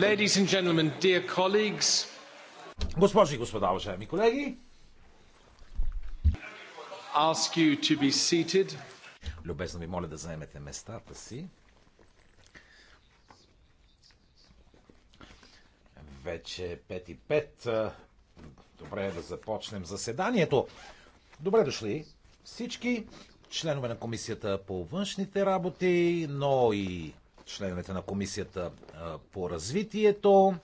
Ladies and gentlemen, dear colleagues. Госпожи и господа, уважаеми колеги. Ask you to be seated. Любезно ви моля да заемете местата си. Вече 5 и 5. Добре е да започнем заседанието. Добре дошли всички членове на комисията по външните работи, но и членовете на комисията по развитието.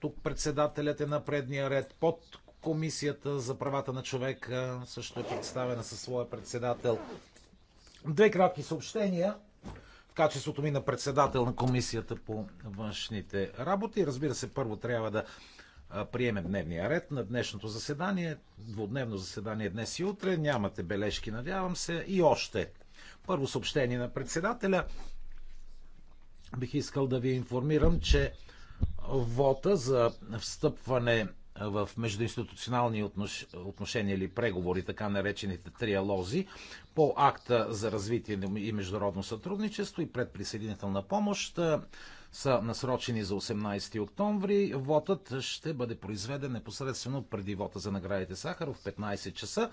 Тук председателят е на предния ред. Под комисията за правата на човека също е представена със своя председател. Две кратки съобщения в качеството ми на председател на комисията по външните работи. Разбира се, първо трябва да приемем дневния ред на днешното заседание. Двудневно заседание днес и утре. Нямате бележки, надявам се. И още. Първо съобщение на председателя бих искал да ви информирам, че вота за встъпване в междуинституционални отношения или преговори, така наречените триалози, по акта за развитие и международно сътрудничество и предприсъединителна помощ са насрочени за 18 октомври. Вотът ще бъде произведен непосредствено преди вота за наградите Сахаров в 15 часа.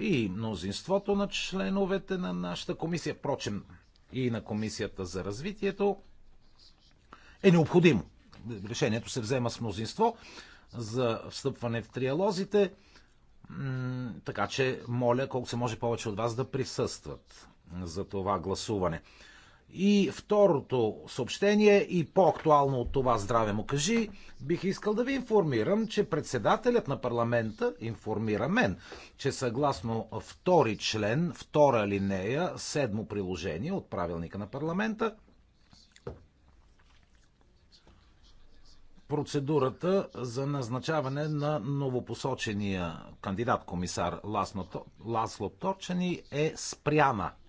И мнозинството на членовете на нашата комисия, впрочем, и на Комисията за развитието, е необходимо. Решението се взема с мнозинство за встъпване в триалозите, така че моля колко се може повече от вас да присъстват за това гласуване. И второто съобщение и по-актуално от това здраве му кажи, бих искал да ви информирам, че председателят на парламента информира мен, че съгласно втори член, втора линея, седмо приложение от правилника на парламента, процедурата за назначаване на новопосочения кандидат-комисар Ласло Торчани е спряна –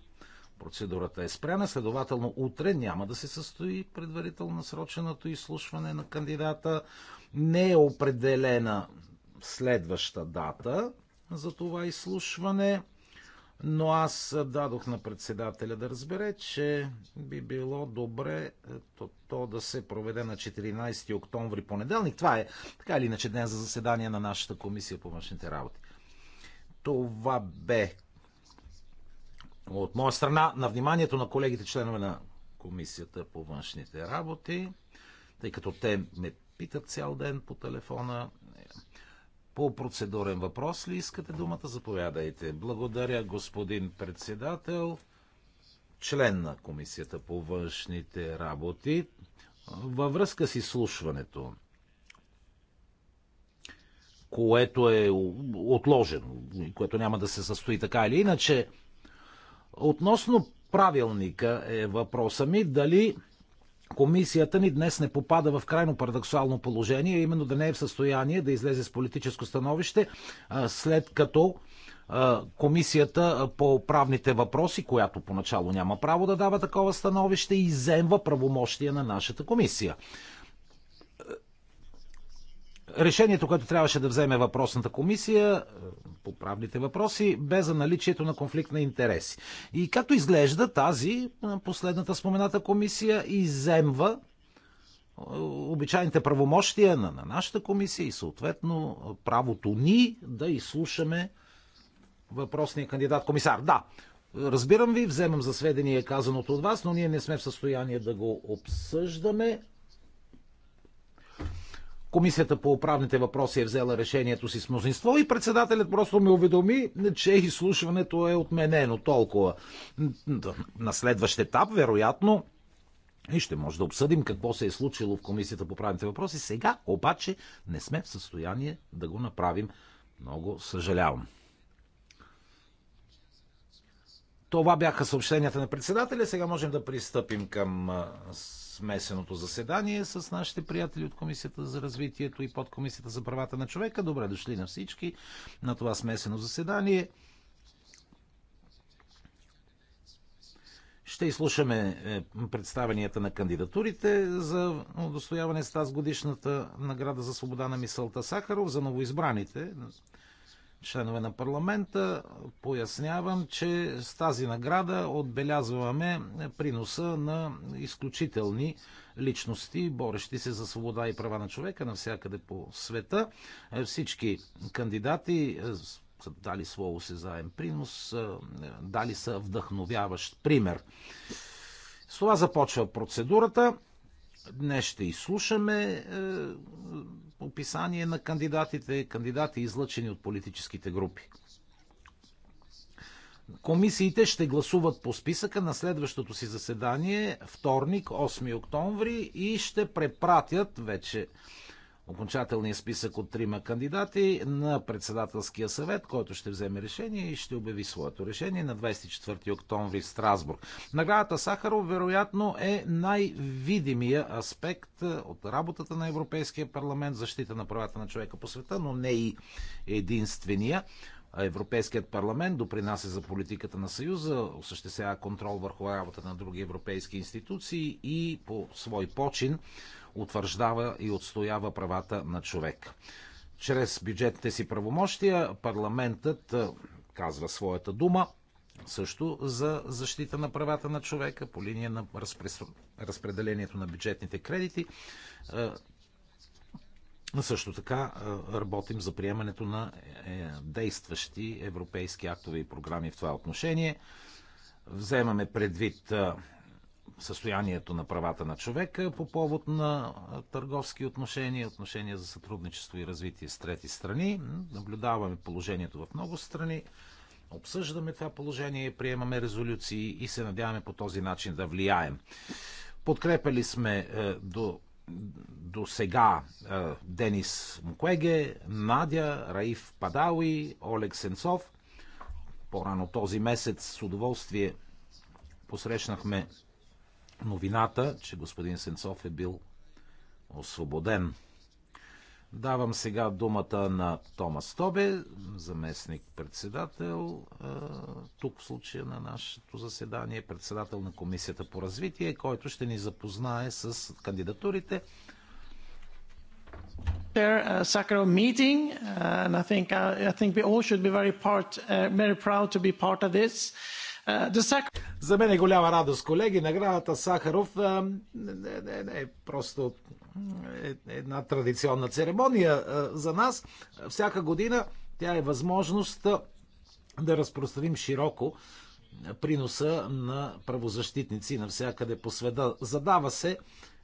Процедурата е спряна, следователно утре няма да се състои предварително насроченото изслушване на кандидата. Не е определена следваща дата за това изслушване, но аз дадох на председателя да разбере, че би било добре е, то, то да се проведе на 14 октомври понеделник. Това е така или иначе ден за заседание на нашата комисия по външните работи. Това бе от моя страна на вниманието на колегите членове на Комисията по външните работи, тъй като те ме питат цял ден по телефона. По процедурен въпрос ли искате думата? Заповядайте. Благодаря, господин председател, член на Комисията по външните работи. Във връзка с изслушването, което е отложено, което няма да се състои така или иначе, Относно правилника е въпроса ми дали комисията ни днес не попада в крайно парадоксално положение, именно да не е в състояние да излезе с политическо становище, след като комисията по правните въпроси, която поначало няма право да дава такова становище, иземва правомощия на нашата комисия решението, което трябваше да вземе въпросната комисия е, по правните въпроси, бе за наличието на конфликт на интереси. И както изглежда, тази е, последната спомената комисия иземва е, обичайните правомощия на, на нашата комисия и съответно правото ни да изслушаме въпросния кандидат комисар. Да, разбирам ви, вземам за сведение казаното от вас, но ние не сме в състояние да го обсъждаме. Комисията по управните въпроси е взела решението си с мнозинство и председателят просто ме уведоми, че изслушването е отменено толкова. На следващ етап, вероятно, и ще може да обсъдим какво се е случило в Комисията по правните въпроси. Сега обаче не сме в състояние да го направим. Много съжалявам. Това бяха съобщенията на председателя. Сега можем да пристъпим към смесеното заседание с нашите приятели от Комисията за развитието и подкомисията за правата на човека. Добре дошли на всички на това смесено заседание. Ще изслушаме е, представенията на кандидатурите за удостояване с тази годишната награда за свобода на мисълта Сахаров, за новоизбраните членове на парламента, пояснявам, че с тази награда отбелязваме приноса на изключителни личности, борещи се за свобода и права на човека навсякъде по света. Е, всички кандидати е, са дали своя осезаем принос, е, дали са вдъхновяващ пример. С това започва процедурата. Днес ще изслушаме описание на кандидатите, кандидати излъчени от политическите групи. Комисиите ще гласуват по списъка на следващото си заседание, вторник, 8 октомври, и ще препратят вече окончателния списък от трима кандидати на председателския съвет, който ще вземе решение и ще обяви своето решение на 24 октомври в Страсбург. Наградата Сахаров вероятно е най-видимия аспект е, от работата на Европейския парламент, защита на правата на човека по света, но не и единствения. Европейският парламент допринася за политиката на Съюза, осъществява контрол върху работата на други европейски институции и по свой почин утвърждава и отстоява правата на човек. Чрез бюджетните си правомощия парламентът е, казва своята дума също за защита на правата на човека по линия на разпределението на бюджетните кредити. Е, също така е, работим за приемането на действащи европейски актове и програми в това отношение. Вземаме предвид състоянието на правата на човека по повод на търговски отношения, отношения за сътрудничество и развитие с трети страни. Наблюдаваме положението в много страни, обсъждаме това положение, приемаме резолюции и се надяваме по този начин да влияем. Подкрепали сме е, до, до сега е, Денис Мукеге, Надя, Раиф Падауи, Олег Сенцов. По-рано този месец с удоволствие посрещнахме новината, че господин Сенцов е бил освободен. Давам сега думата на Томас Тобе, заместник председател, е, тук в случая на нашето заседание, председател на Комисията по развитие, който ще ни запознае с кандидатурите. Uh, Sakharov meeting, uh, and I think uh, I think we all should be very part, uh, very proud to be part of this. Uh, е, за мен е голяма радост, колеги. Наградата Сахаров не, не, не е просто е, е една традиционна церемония за нас. Всяка година тя е възможност да разпространим широко приноса на правозащитници навсякъде по света. Задава се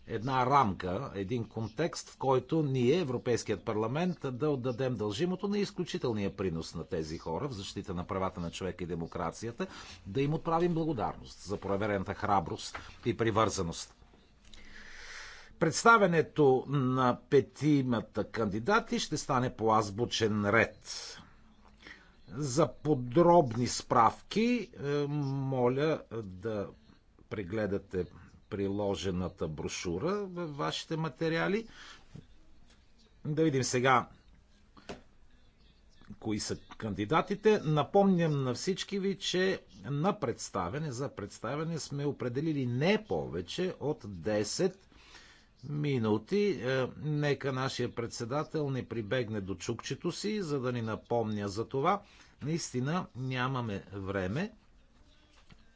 една рамка, един контекст, в който ние, Европейският парламент, да отдадем дължимото на изключителния принос на тези хора в защита на правата на човека и демокрацията, да им отправим благодарност за проверената храброст и привързаност. Представенето на петимата кандидати ще стане по азбучен ред. За подробни справки е, моля да прегледате приложената брошура в вашите материали. Да видим сега кои са кандидатите. Напомням на всички ви, че на представяне, за представяне сме определили не повече от 10 минути. Е, нека нашия председател не прибегне до чукчето си, за да ни напомня за това. Наистина нямаме време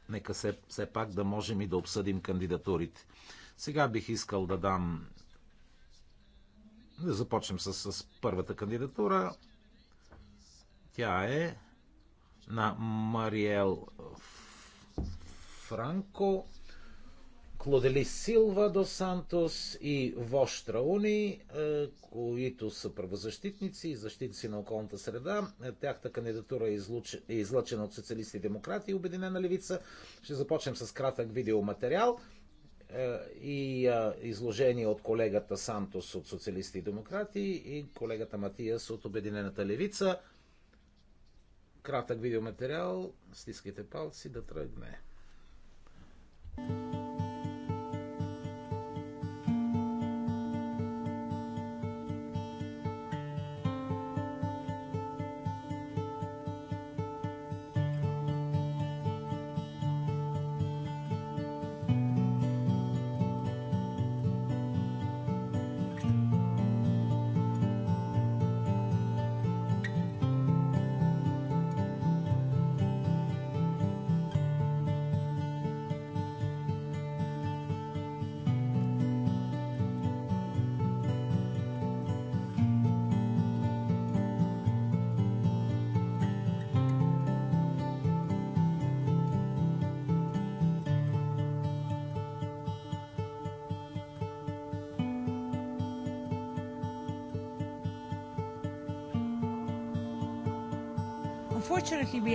нека се, все пак да можем и да обсъдим кандидатурите. Сега бих искал да дам. Да започнем с, с първата кандидатура. Тя е на Мариел Франко Клодели Силва до Сантос и Вощра Уни, е, които са правозащитници и защитници на околната среда. Е, тяхта кандидатура е, е излъчена от социалисти и демократи и Обединена левица. Ще започнем с кратък видеоматериал и изложение от колегата Сантос от социалисти и демократи и колегата Матиас от Обединената левица. Кратък видеоматериал, стискайте палци да тръгне. thank you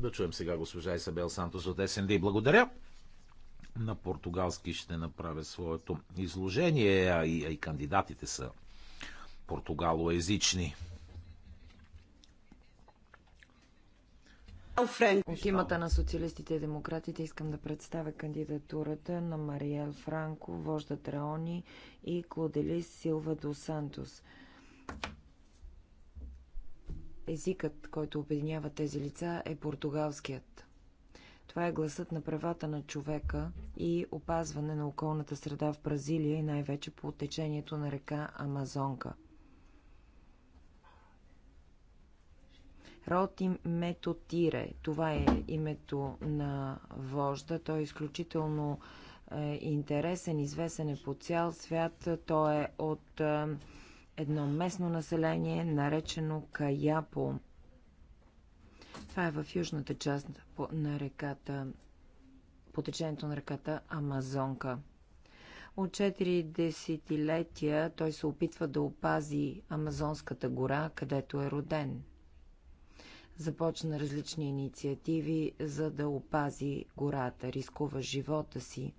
Да чуем сега госпожа Исабел Сантос от СНД. Благодаря. На португалски ще направя своето изложение, а и, а и кандидатите са португалоязични. От имата на социалистите и демократите искам да представя кандидатурата на Мариел Франко, Вожда Траони и Клоделис Силва до Сантос. Езикът, който обединява тези лица, е португалският. Това е гласът на правата на човека и опазване на околната среда в Бразилия и най-вече по течението на река Амазонка. Ротим Метотире, това е името на вожда. Той е изключително е, интересен, известен е по цял свят. Той е от е, едно местно население, наречено Каяпо. Това е в южната част на реката, по течението на реката Амазонка. От 4 десетилетия той се опитва да опази Амазонската гора, където е роден. Започна различни инициативи, за да опази гората, рискува живота си,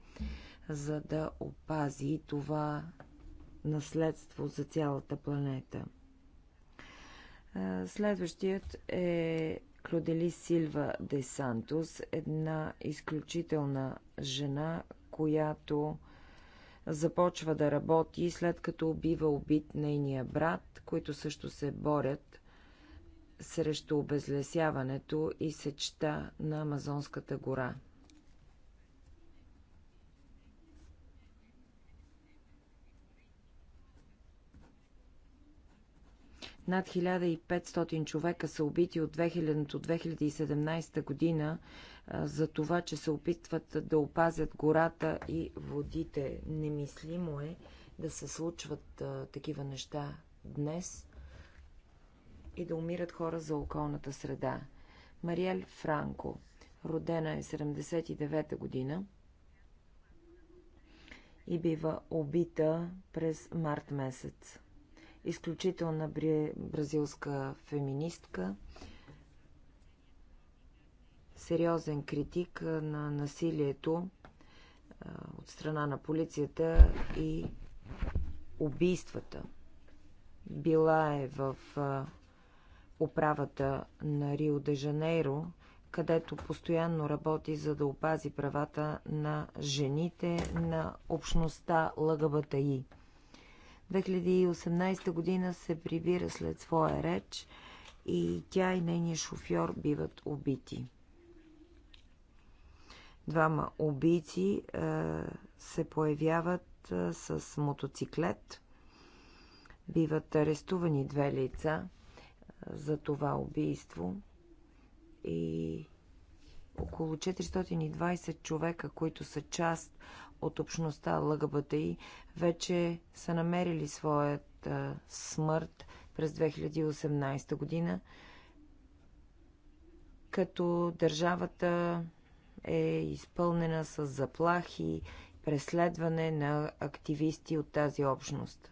за да опази това наследство за цялата планета. Следващият е Клодели Силва де Сантос, една изключителна жена, която започва да работи след като убива убит нейния брат, които също се борят срещу обезлесяването и сечта на Амазонската гора. Над 1500 човека са убити от 2000 до 2017 година за това, че се опитват да опазят гората и водите. Немислимо е да се случват такива неща днес и да умират хора за околната среда. Мариел Франко, родена е 79-та година и бива убита през март месец изключителна бразилска феминистка, сериозен критик на насилието от страна на полицията и убийствата. Била е в управата на Рио де Жанейро, където постоянно работи за да опази правата на жените на общността ЛГБТИ. 2018 година се прибира след своя реч и тя и нейния шофьор биват убити. Двама убийци е, се появяват е, с мотоциклет. Биват арестувани две лица е, за това убийство и около 420 човека, които са част от общността ЛГБТИ вече са намерили своята смърт през 2018 година, като държавата е изпълнена с заплахи, преследване на активисти от тази общност.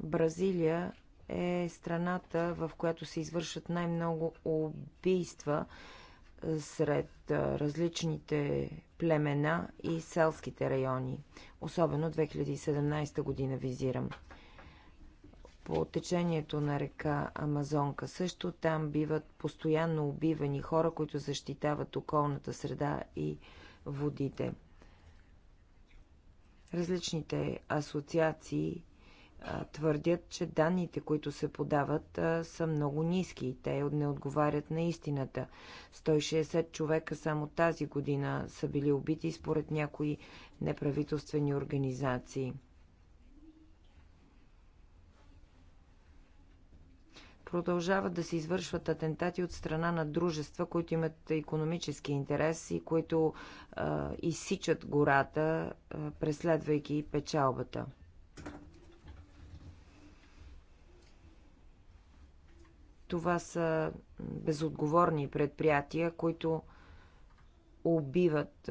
Бразилия е страната, в която се извършат най-много убийства сред различните племена и селските райони. Особено 2017 година визирам. По течението на река Амазонка също там биват постоянно убивани хора, които защитават околната среда и водите. Различните асоциации твърдят, че данните, които се подават, са много ниски. Те не отговарят на истината. 160 човека само тази година са били убити според някои неправителствени организации. Продължават да се извършват атентати от страна на дружества, които имат економически интерес и които а, изсичат гората, а, преследвайки печалбата. Това са безотговорни предприятия, които убиват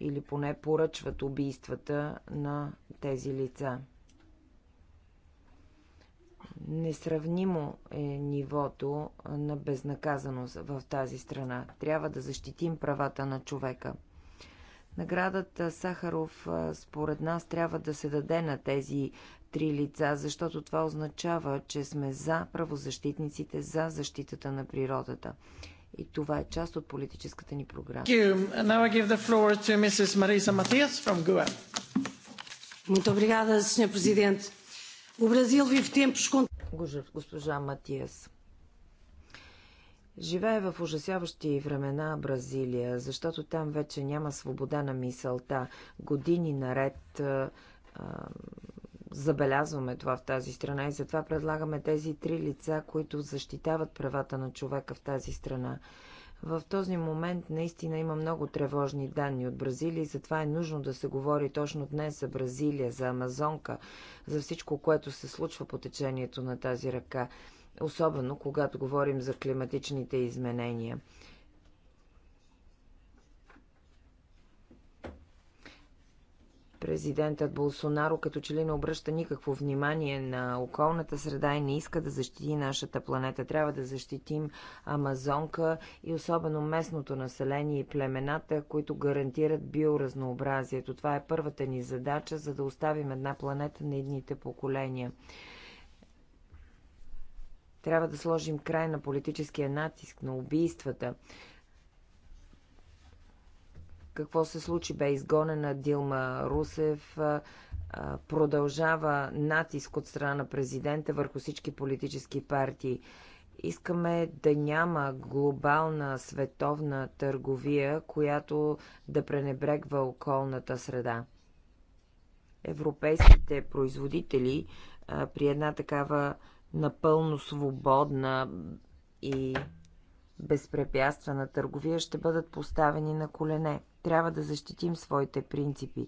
или поне поръчват убийствата на тези лица. Несравнимо е нивото на безнаказаност в тази страна. Трябва да защитим правата на човека. Наградата Сахаров, според нас, трябва да се даде на тези три лица, защото това означава, че сме за правозащитниците, за защитата на природата. И това е част от политическата ни програма. Госпожа Матиас. Живее в ужасяващи времена Бразилия, защото там вече няма свобода на мисълта. Години наред забелязваме това в тази страна и затова предлагаме тези три лица, които защитават правата на човека в тази страна. В този момент наистина има много тревожни данни от Бразилия и затова е нужно да се говори точно днес за Бразилия, за Амазонка, за всичко, което се случва по течението на тази ръка, особено когато говорим за климатичните изменения. Президентът Болсонаро като че ли не обръща никакво внимание на околната среда и не иска да защити нашата планета. Трябва да защитим Амазонка и особено местното население и племената, които гарантират биоразнообразието. Това е първата ни задача, за да оставим една планета на едните поколения. Трябва да сложим край на политическия натиск, на убийствата какво се случи. Бе изгонена Дилма Русев, продължава натиск от страна на президента върху всички политически партии. Искаме да няма глобална световна търговия, която да пренебрегва околната среда. Европейските производители при една такава напълно свободна и безпрепятствена търговия ще бъдат поставени на колене. Трябва да защитим своите принципи.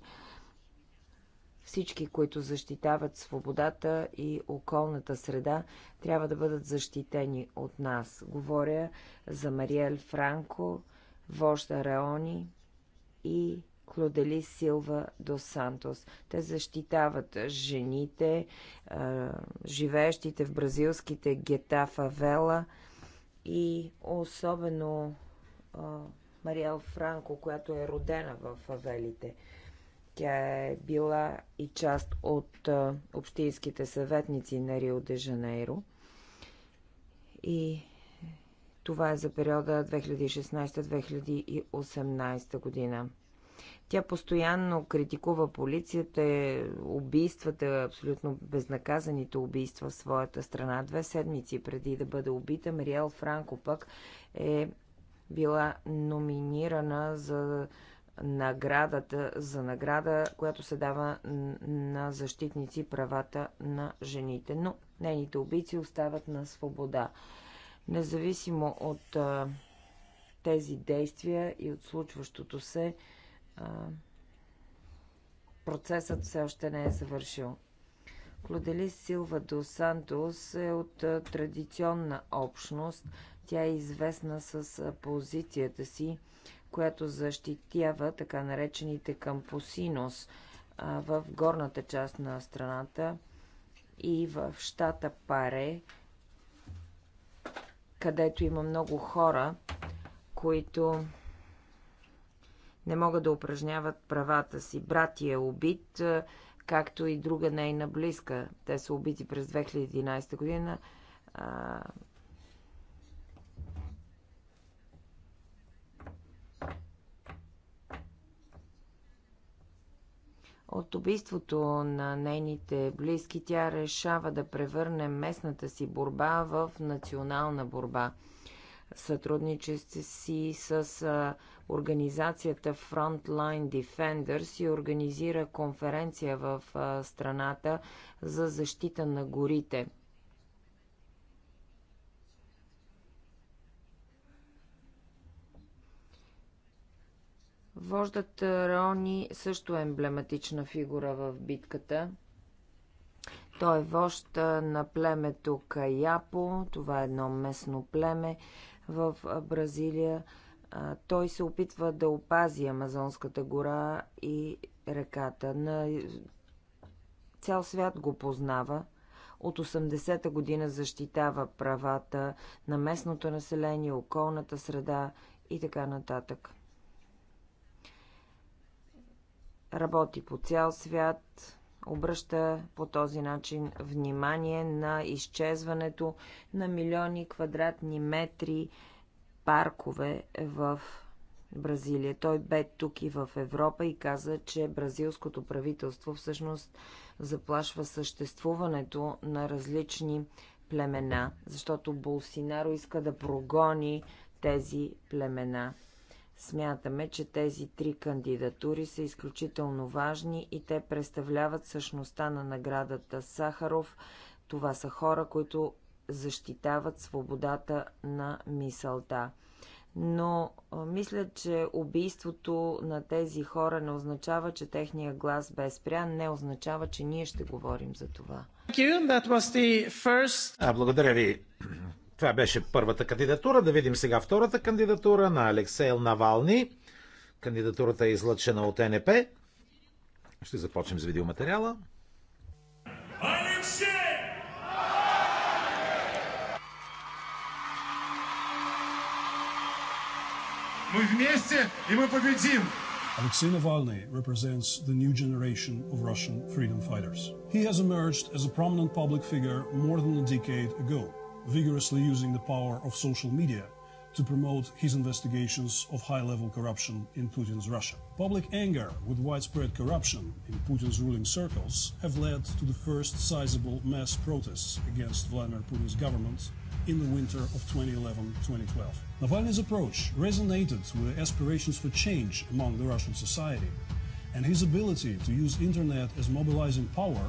Всички, които защитават свободата и околната среда, трябва да бъдат защитени от нас. Говоря за Мариел Франко, вожда Раони и Клодели Силва до Сантос. Те защитават жените, живеещите в бразилските гета фавела и особено Мариел Франко, която е родена в фавелите. Тя е била и част от общинските съветници на Рио де Жанейро. И това е за периода 2016-2018 година. Тя постоянно критикува полицията, убийствата, абсолютно безнаказаните убийства в своята страна. Две седмици преди да бъде убита, Мариел Франко пък е била номинирана за наградата, за награда, която се дава на защитници правата на жените. Но нейните убийци остават на свобода. Независимо от а, тези действия и от случващото се, а, процесът все още не е завършил. Клоделис Силва до Сантос е от традиционна общност. Тя е известна с позицията си, която защитява така наречените кампусинос в горната част на страната и в щата Паре, където има много хора, които не могат да упражняват правата си. Брат е убит, както и друга нейна близка. Те са убити през 2011 година. От убийството на нейните близки тя решава да превърне местната си борба в национална борба. Сътрудничество си с Организацията Frontline Defenders и организира конференция в страната за защита на горите. Вождат Рони също е емблематична фигура в битката. Той е вожд на племето Каяпо. Това е едно местно племе в Бразилия той се опитва да опази Амазонската гора и реката. На цял свят го познава. От 80-та година защитава правата на местното население, околната среда и така нататък. Работи по цял свят, обръща по този начин внимание на изчезването на милиони квадратни метри паркове в Бразилия. Той бе тук и в Европа и каза, че бразилското правителство всъщност заплашва съществуването на различни племена, защото Болсинаро иска да прогони тези племена. Смятаме, че тези три кандидатури са изключително важни и те представляват същността на наградата Сахаров. Това са хора, които защитават свободата на мисълта. Но мисля, че убийството на тези хора не означава, че техния глас бе спрян, не означава, че ние ще говорим за това. А, благодаря ви. Това беше първата кандидатура. Да видим сега втората кандидатура на Алексейл Навални. Кандидатурата е излъчена от НП. Ще започнем с видеоматериала. Мы вместе, и мы победим! Алексей Navalny represents the new generation of Russian freedom fighters. He has emerged as a prominent public figure more than a decade ago, vigorously using the power of social media to promote his investigations of high level corruption in Putin's Russia. Public anger with widespread corruption in Putin's ruling circles have led to the first sizable mass protests against Vladimir Putin's government in the winter of 2011-2012. Navalny's approach resonated with aspirations for change among the Russian society, and his ability to use internet as mobilizing power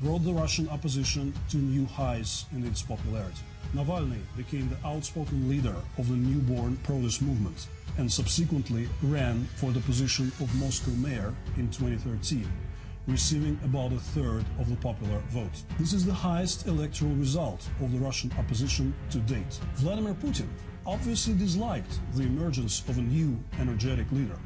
brought the Russian opposition to new highs in its popularity. Navalny became the outspoken leader of the newborn protest movement and subsequently ran for the position of Moscow mayor in 2013 receiving about a third of the popular vote. This is the highest electoral result of the Russian opposition to date. Vladimir Putin obviously disliked the emergence of a new energetic leader,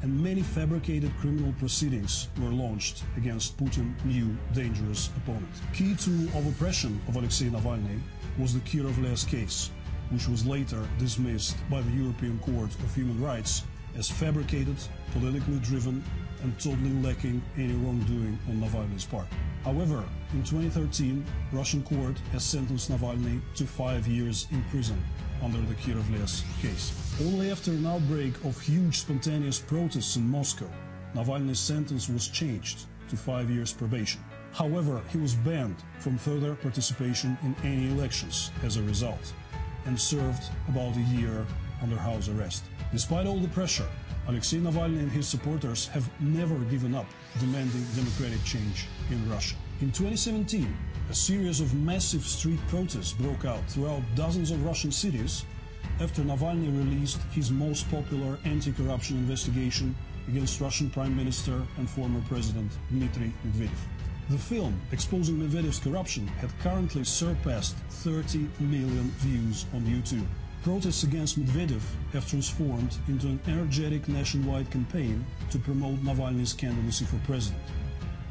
and many fabricated criminal proceedings were launched against Putin's new dangerous opponent. Key tool of oppression of Alexei Navalny was the Kirovles case, which was later dismissed by the European Court of Human Rights as fabricated, politically driven, and totally lacking any wrongdoing on Navalny's part. However, in 2013, Russian court has sentenced Navalny to five years in prison under the Kirovles case. Only after an outbreak of huge spontaneous protests in Moscow, Navalny's sentence was changed to five years probation. However, he was banned from further participation in any elections as a result and served about a year under house arrest. Despite all the pressure, Alexei Navalny and his supporters have never given up demanding democratic change in Russia. In 2017, a series of massive street protests broke out throughout dozens of Russian cities after Navalny released his most popular anti-corruption investigation against Russian Prime Minister and former President Dmitry Medvedev. The film exposing Medvedev's corruption had currently surpassed 30 million views on YouTube. Protests against Medvedev have transformed into an energetic nationwide campaign to promote Navalny's candidacy for president.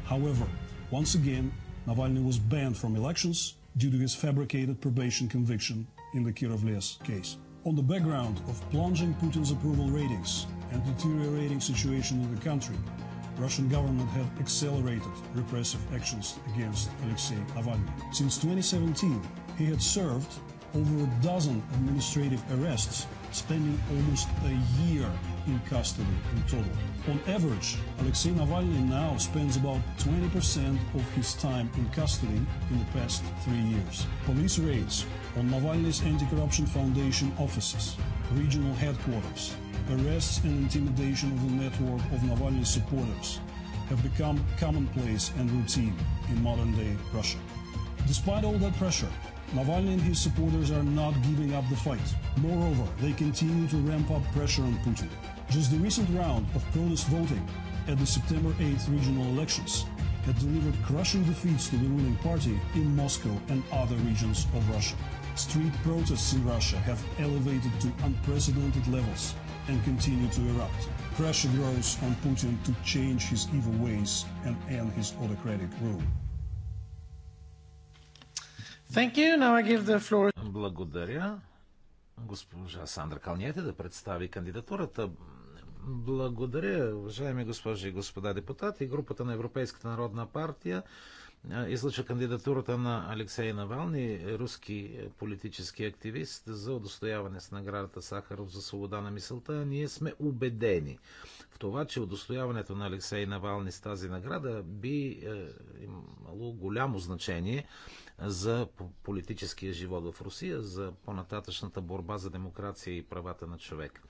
However, once again, Navalny was banned from elections due to his fabricated probation conviction in the Kirovles case. On the background of plunging Putin's approval ratings and deteriorating situation in the country, Russian government had accelerated repressive actions against Alexei Navalny. Since 2017, he had served over a dozen administrative arrests, spending almost a year in custody in total. On average, Alexei Navalny now spends about 20% of his time in custody in the past three years. Police raids on Navalny's Anti-Corruption Foundation offices, regional headquarters, arrests and intimidation of the network of Navalny supporters have become commonplace and routine in modern-day Russia. Despite all that pressure, Navalny and his supporters are not giving up the fight. Moreover, they continue to ramp up pressure on Putin. Just the recent round of protest voting at the September 8th regional elections had delivered crushing defeats to the ruling party in Moscow and other regions of Russia. Street protests in Russia have elevated to unprecedented levels and continue to erupt. Pressure grows on Putin to change his evil ways and end his autocratic rule. Thank you. Now I give the floor. Благодаря. Госпожа Сандра Калниете да представи кандидатурата. Благодаря, уважаеми госпожи и господа депутати. Групата на Европейската народна партия излъча кандидатурата на Алексей Навални, руски политически активист, за удостояване с наградата Сахаров за свобода на мисълта. Ние сме убедени в това, че удостояването на Алексей Навални с тази награда би е, имало голямо значение за политическия живот в Русия, за по-нататъчната борба за демокрация и правата на човек.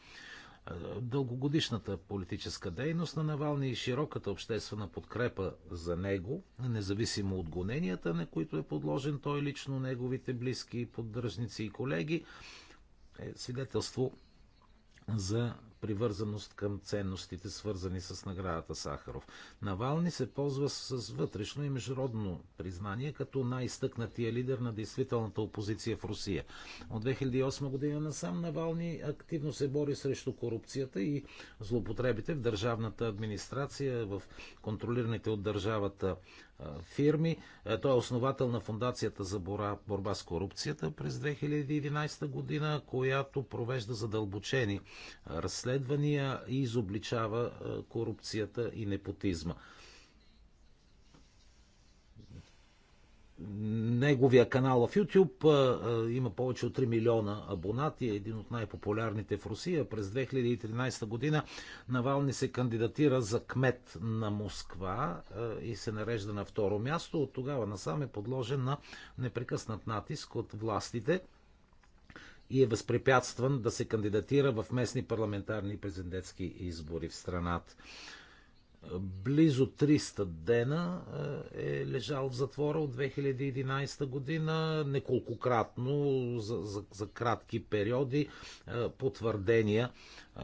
Дългогодишната политическа дейност на Навални и широката обществена подкрепа за него, независимо от гоненията, на които е подложен той лично, неговите близки, поддръжници и колеги, е свидетелство за привързаност към ценностите, свързани с наградата Сахаров. Навални се ползва с вътрешно и международно признание като най-стъкнатия лидер на действителната опозиция в Русия. От 2008 година насам Навални активно се бори срещу корупцията и злоупотребите в държавната администрация, в контролираните от държавата фирми. Той е основател на Фундацията за борба с корупцията през 2011 година, която провежда задълбочени разследвания и изобличава корупцията и непотизма. неговия канал в YouTube има повече от 3 милиона абонати, е един от най-популярните в Русия. През 2013 година Навални се кандидатира за кмет на Москва и се нарежда на второ място. От тогава насам е подложен на непрекъснат натиск от властите и е възпрепятстван да се кандидатира в местни парламентарни и президентски избори в страната. Близо 300 дена е, е лежал в затвора от 2011 година, неколкократно за, за, за кратки периоди е, потвърдения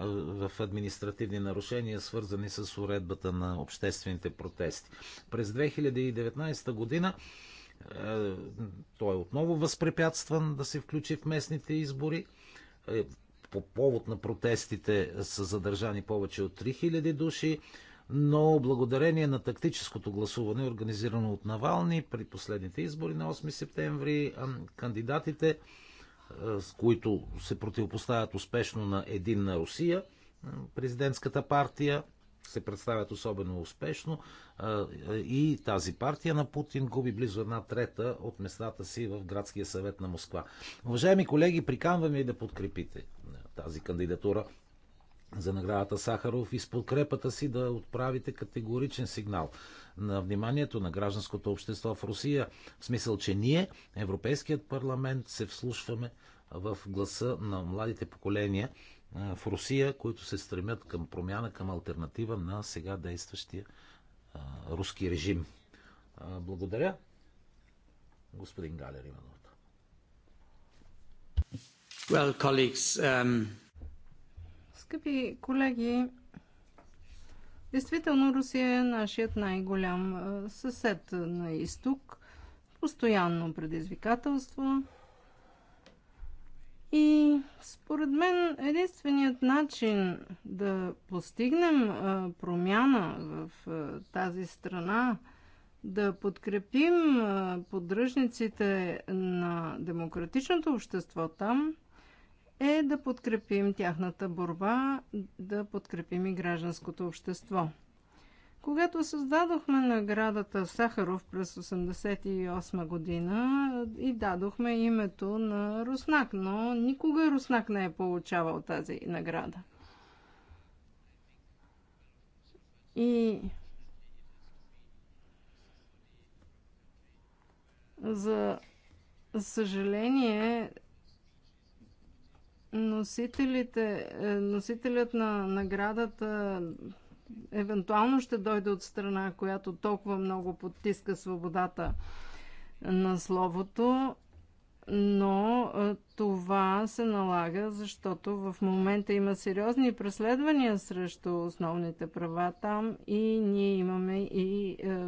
е, в административни нарушения, свързани с уредбата на обществените протести. През 2019 година той е отново възпрепятстван да се включи в местните избори. По повод на протестите са задържани повече от 3000 души но благодарение на тактическото гласуване, организирано от Навални при последните избори на 8 септември, кандидатите, с които се противопоставят успешно на един на Русия, президентската партия, се представят особено успешно и тази партия на Путин губи близо една трета от местата си в Градския съвет на Москва. Уважаеми колеги, приканваме и да подкрепите тази кандидатура за наградата Сахаров и с подкрепата си да отправите категоричен сигнал на вниманието на гражданското общество в Русия, в смисъл, че ние, Европейският парламент, се вслушваме в гласа на младите поколения в Русия, които се стремят към промяна, към альтернатива на сега действащия а, руски режим. А, благодаря. Господин Галер има думата. Well, colleagues, um... Скъпи колеги, действително Русия е нашият най-голям съсед на изток. Постоянно предизвикателство. И според мен единственият начин да постигнем промяна в тази страна, да подкрепим поддръжниците на демократичното общество там, е да подкрепим тяхната борба, да подкрепим и гражданското общество. Когато създадохме наградата Сахаров през 1988 година и дадохме името на Руснак, но никога Руснак не е получавал тази награда. И за съжаление, Носителите, е, носителят на наградата евентуално ще дойде от страна, която толкова много подтиска свободата на словото, но е, това се налага, защото в момента има сериозни преследвания срещу основните права там и ние имаме и е,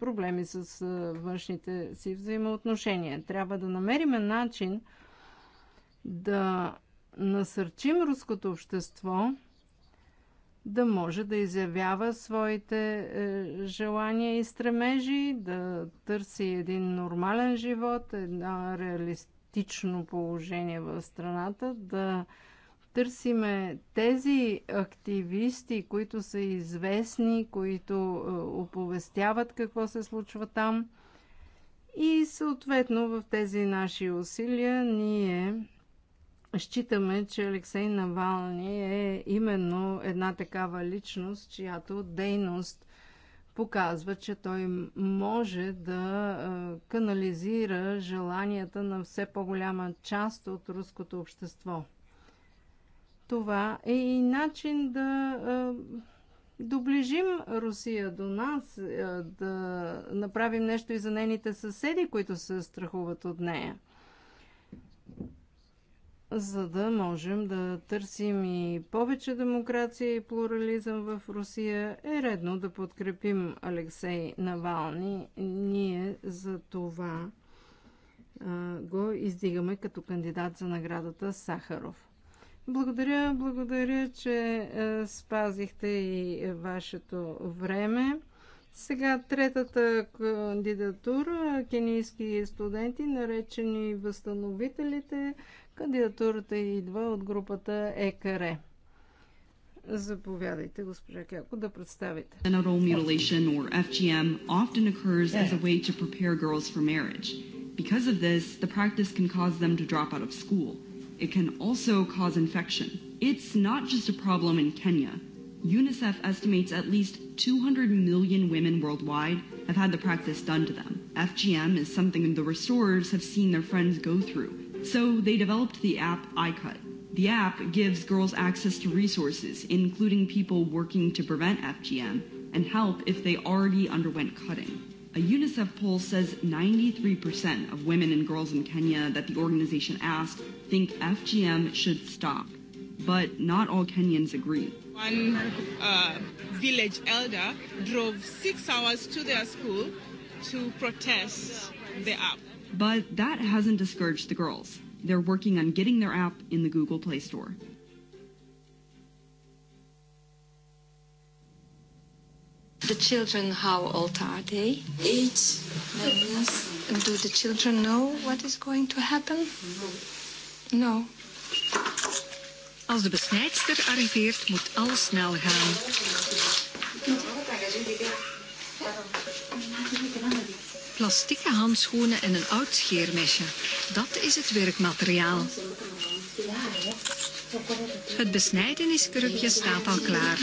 проблеми с външните си взаимоотношения. Трябва да намерим начин да насърчим руското общество да може да изявява своите е, желания и стремежи, да търси един нормален живот, едно реалистично положение в страната, да търсиме тези активисти, които са известни, които е, оповестяват какво се случва там. И съответно в тези наши усилия ние Считаме, че Алексей Навални е именно една такава личност, чиято дейност показва, че той може да канализира желанията на все по-голяма част от руското общество. Това е и начин да доближим Русия до нас, да направим нещо и за нейните съседи, които се страхуват от нея за да можем да търсим и повече демокрация и плурализъм в Русия, е редно да подкрепим Алексей Навални. Ние за това а, го издигаме като кандидат за наградата Сахаров. Благодаря, благодаря, че а, спазихте и вашето време. Сега третата кандидатура, кенийски студенти, наречени възстановителите, Кандидатурата идва от групата ЕКР. Заповядайте, госпожа Кяко, да представите. Genital mutilation or FGM often occurs as a way to prepare girls for marriage. Because of this, the practice can cause them to drop out of school. It can also cause infection. It's not just a problem in Kenya. UNICEF estimates at least 200 million women worldwide have had the practice done to them. FGM is something the restorers have seen their friends go through So they developed the app iCut. The app gives girls access to resources, including people working to prevent FGM, and help if they already underwent cutting. A UNICEF poll says 93% of women and girls in Kenya that the organization asked think FGM should stop. But not all Kenyans agree. One uh, village elder drove six hours to their school to protest the app. But that hasn't discouraged the girls. They're working on getting their app in the Google Play Store. The children, how old are they? Eight. Do the children know what is going to happen? No. Als de besnijdster arriveert, moet alles snel gaan plastieke handschoenen en een oud scheermesje. Dat is het werkmateriaal. Het besnijdeniskrukje staat al klaar.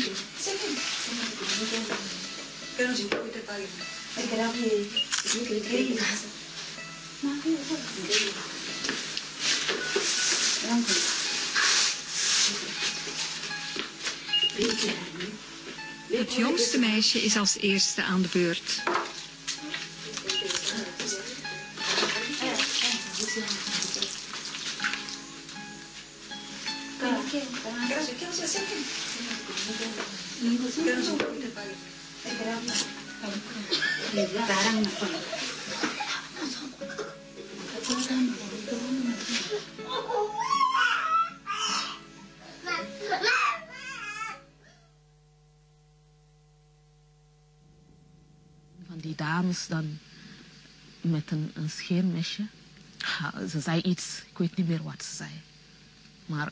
Het jongste meisje is als eerste aan de beurt. Van die dames dan met een, een scheermesje. Ze zei iets, ik weet niet meer wat ze zei. Maar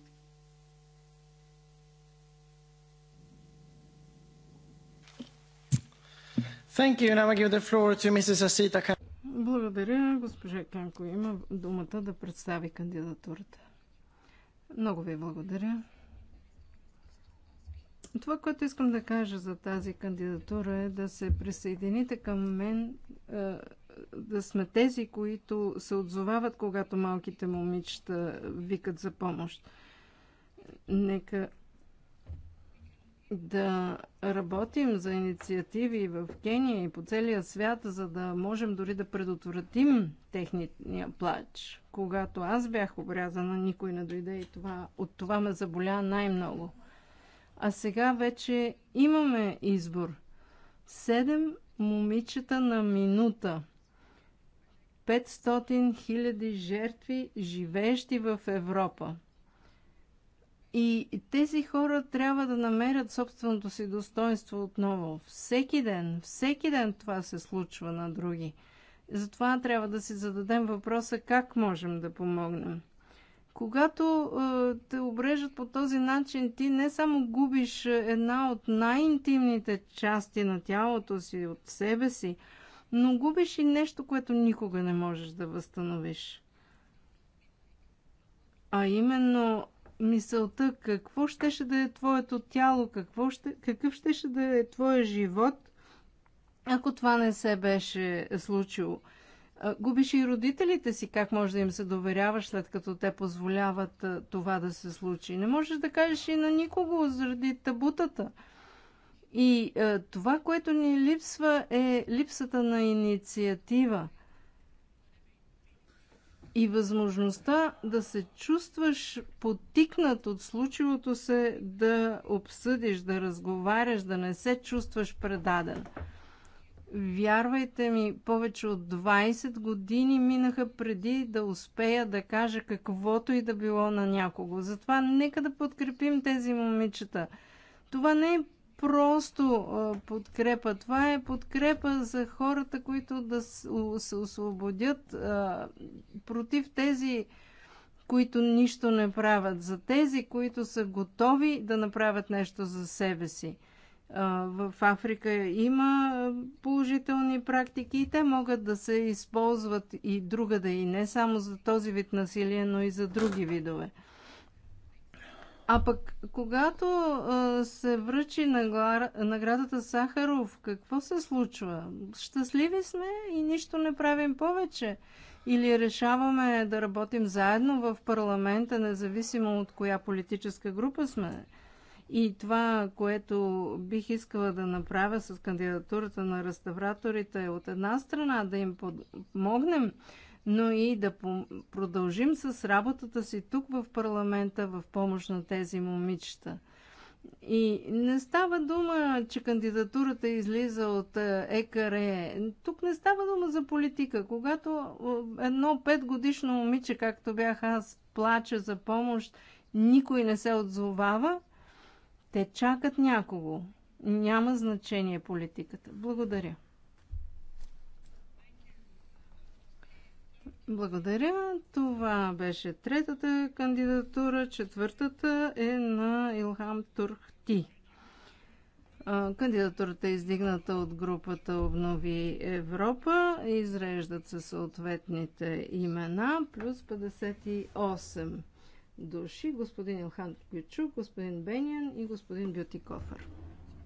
Thank you. Now I give the floor to Mrs. Asita Благодаря. Госпожа Канко има думата да представи кандидатурата. Много ви благодаря. Това, което искам да кажа за тази кандидатура е да се присъедините към мен, е, да сме тези, които се отзовават, когато малките момичета викат за помощ. Нека да работим за инициативи в Кения и по целия свят, за да можем дори да предотвратим техния плач. Когато аз бях обрязана, никой не дойде и това, от това ме заболя най-много. А сега вече имаме избор. Седем момичета на минута. 500 000 жертви, живеещи в Европа. И тези хора трябва да намерят собственото си достоинство отново. Всеки ден, всеки ден това се случва на други. Затова трябва да си зададем въпроса как можем да помогнем. Когато е, те обрежат по този начин, ти не само губиш е, една от най-интимните части на тялото си, от себе си, но губиш и нещо, което никога не можеш да възстановиш. А именно мисълта какво щеше да е твоето тяло, какво ще, какъв щеше да е твоя живот, ако това не се беше случило. Губиш и родителите си, как може да им се доверяваш, след като те позволяват това да се случи. Не можеш да кажеш и на никого заради табутата. И е, това, което ни липсва, е липсата на инициатива – и възможността да се чувстваш потикнат от случилото се, да обсъдиш, да разговаряш, да не се чувстваш предаден. Вярвайте ми, повече от 20 години минаха преди да успея да кажа каквото и да било на някого. Затова нека да подкрепим тези момичета. Това не е просто подкрепа. Това е подкрепа за хората, които да се освободят против тези, които нищо не правят, за тези, които са готови да направят нещо за себе си. В Африка има положителни практики и те могат да се използват и другаде, и не само за този вид насилие, но и за други видове. А пък, когато а, се връчи наградата Сахаров, какво се случва? Щастливи сме и нищо не правим повече. Или решаваме да работим заедно в парламента, независимо от коя политическа група сме. И това, което бих искала да направя с кандидатурата на реставраторите, е от една страна да им помогнем но и да продължим с работата си тук в парламента в помощ на тези момичета. И не става дума, че кандидатурата излиза от е, ЕКРЕ. Тук не става дума за политика. Когато едно петгодишно момиче, както бях аз, плаче за помощ, никой не се отзовава, те чакат някого. Няма значение политиката. Благодаря. Благодаря. Това беше третата кандидатура. Четвъртата е на Илхам Турхти. Кандидатурата е издигната от групата Обнови Европа. Изреждат се съответните имена, плюс 58 души. Господин Илхан Кючук, господин Бениан и господин Бютикофър.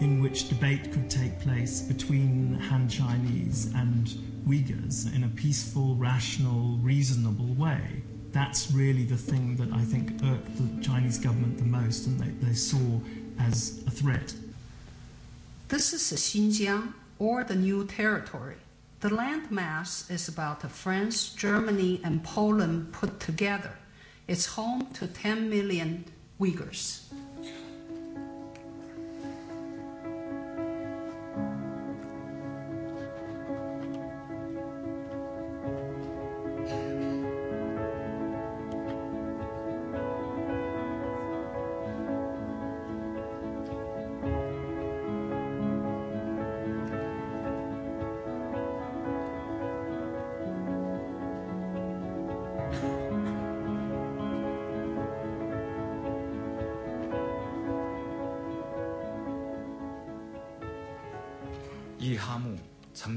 in which debate could take place between Han Chinese and Uyghurs in a peaceful, rational, reasonable way. That's really the thing that I think irked the Chinese government the most and they, they saw as a threat. This is Xinjiang or the new territory. The landmass is about France, Germany, and Poland put together. It's home to 10 million Uyghurs.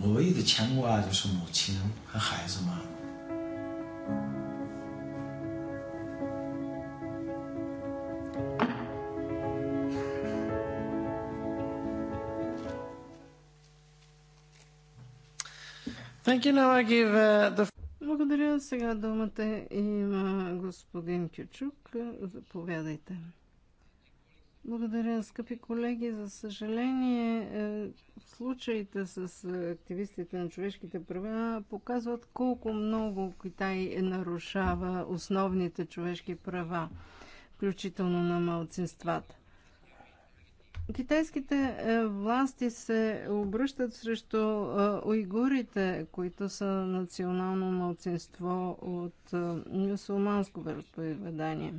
我唯一的牵挂就是母亲和孩子嘛。Thank you. Now I give uh, the благодаря. Сега думата има господин Кючук. Заповядайте. Благодаря, скъпи колеги. За съжаление, е, случаите с е, активистите на човешките права показват колко много Китай нарушава основните човешки права, включително на малцинствата. Китайските е, власти се обръщат срещу уйгурите, които са национално малцинство от мюсулманско вероисповедание.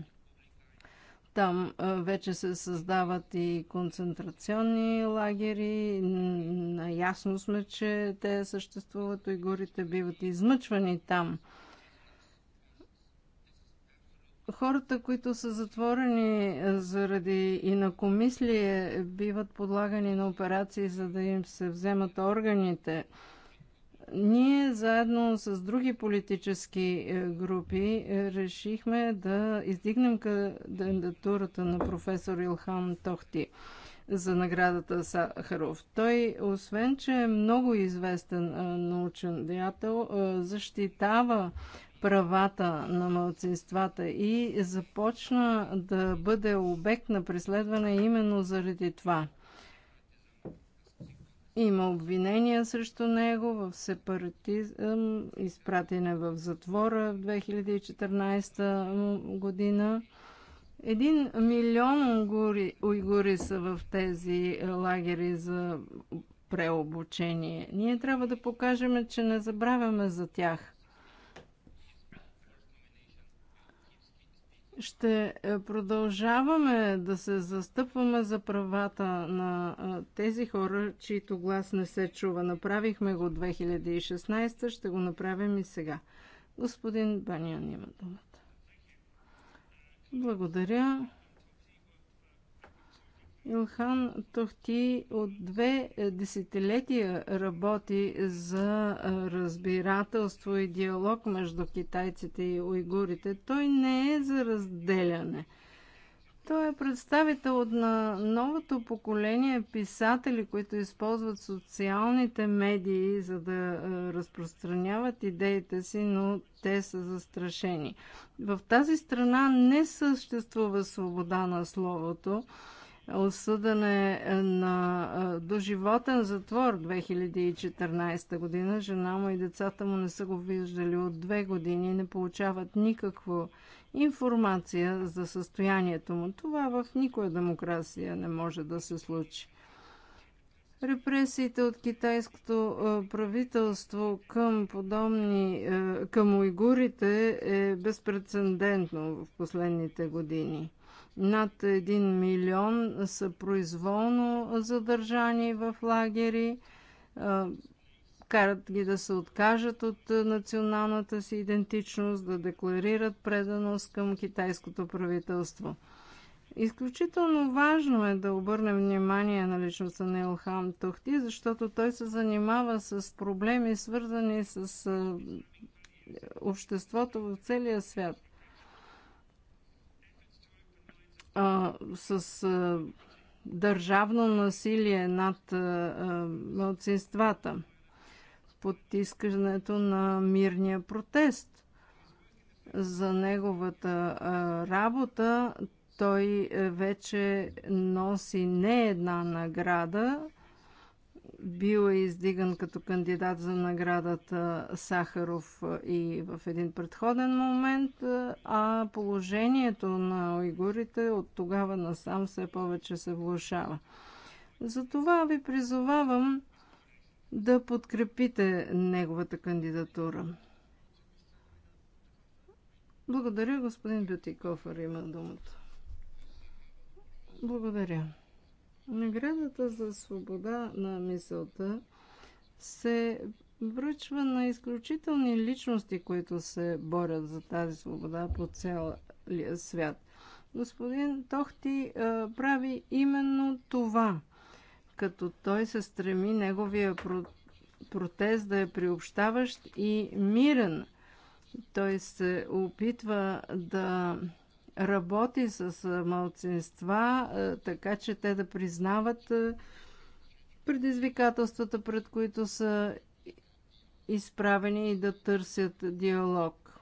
Там вече се създават и концентрационни лагери. Наясно сме, че те съществуват. и горите биват измъчвани там. Хората, които са затворени заради инакомислие, биват подлагани на операции, за да им се вземат органите. Ние заедно с други политически е, групи е, решихме да издигнем кандидатурата на професор Илхам Тохти за наградата Сахаров. Той, освен че е много известен е, научен деятел, защитава правата на младсинствата и започна да бъде обект на преследване именно заради това – има обвинения срещу него в сепаратизъм, изпратене в затвора в 2014 година. Един милион уйгури, уйгури са в тези е, лагери за преобучение. Ние трябва да покажем, че не забравяме за тях. Ще е, продължаваме да се застъпваме за правата на е, тези хора, чието глас не се чува. Направихме го 2016, ще го направим и сега. Господин Банян има думата. Благодаря. Илхан Тохти от две десетилетия работи за разбирателство и диалог между китайците и уйгурите. Той не е за разделяне. Той е представител на новото поколение писатели, които използват социалните медии, за да разпространяват идеите си, но те са застрашени. В тази страна не съществува свобода на словото е на доживотен затвор 2014 година. Жена му и децата му не са го виждали от две години, и не получават никаква информация за състоянието му. Това в никоя демокрация не може да се случи. Репресиите от китайското правителство към подобни, към уйгурите е безпредседентно в последните години. Над 1 милион са произволно задържани в лагери. Карат ги да се откажат от националната си идентичност, да декларират преданост към китайското правителство. Изключително важно е да обърнем внимание на личността на Елхам Тухти, защото той се занимава с проблеми, свързани с обществото в целия свят а, с а, държавно насилие над а, младсинствата, на мирния протест. За неговата а, работа той е, вече носи не една награда, бил е издиган като кандидат за наградата Сахаров и в един предходен момент, а положението на уйгурите от тогава насам все повече се влушава. Затова ви призовавам да подкрепите неговата кандидатура. Благодаря, господин Бютиков, има думата. Благодаря. Наградата за свобода на мисълта се връчва на изключителни личности, които се борят за тази свобода по целия свят. Господин Тохти а, е, прави именно това, като той се стреми неговия про- протест да е приобщаващ и мирен. Той се опитва да работи с малцинства, така че те да признават предизвикателствата, пред които са изправени и да търсят диалог.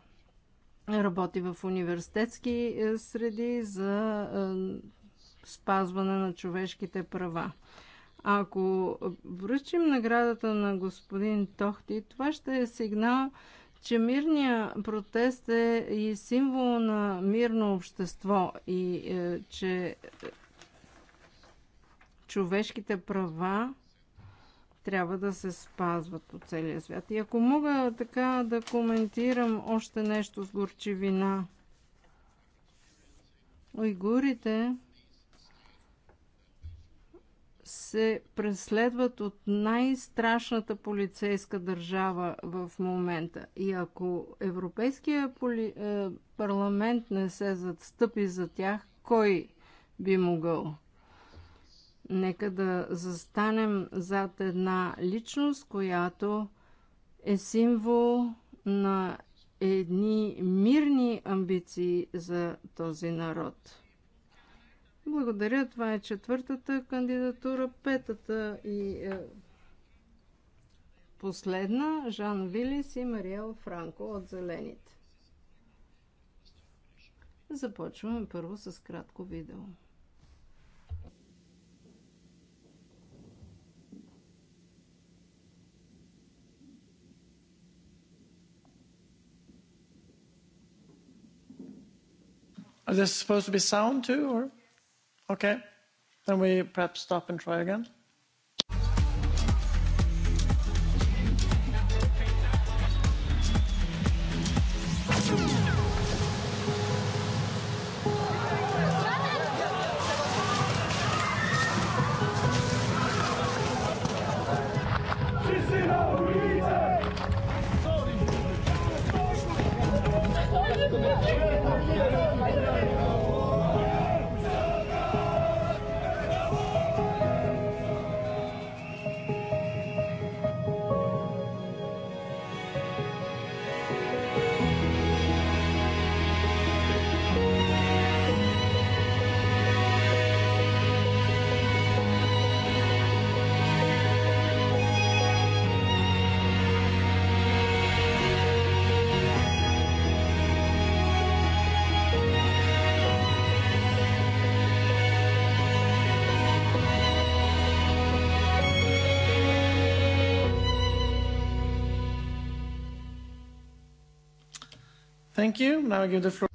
Работи в университетски среди за спазване на човешките права. Ако връчим наградата на господин Тохти, това ще е сигнал че мирният протест е и символ на мирно общество и е, че е, човешките права трябва да се спазват от целия свят. И ако мога така да коментирам още нещо с горчивина, уйгурите се преследват от най-страшната полицейска държава в момента. И ако Европейския поли... Е, парламент не се застъпи за тях, кой би могъл? Нека да застанем зад една личност, която е символ на едни мирни амбиции за този народ. Благодаря. Това е четвъртата кандидатура, петата и е, последна. Жан Вилис и Мариел Франко от Зелените. Започваме първо с кратко видео. Is this supposed to be sound too, or? Okay. Then we perhaps stop and try again.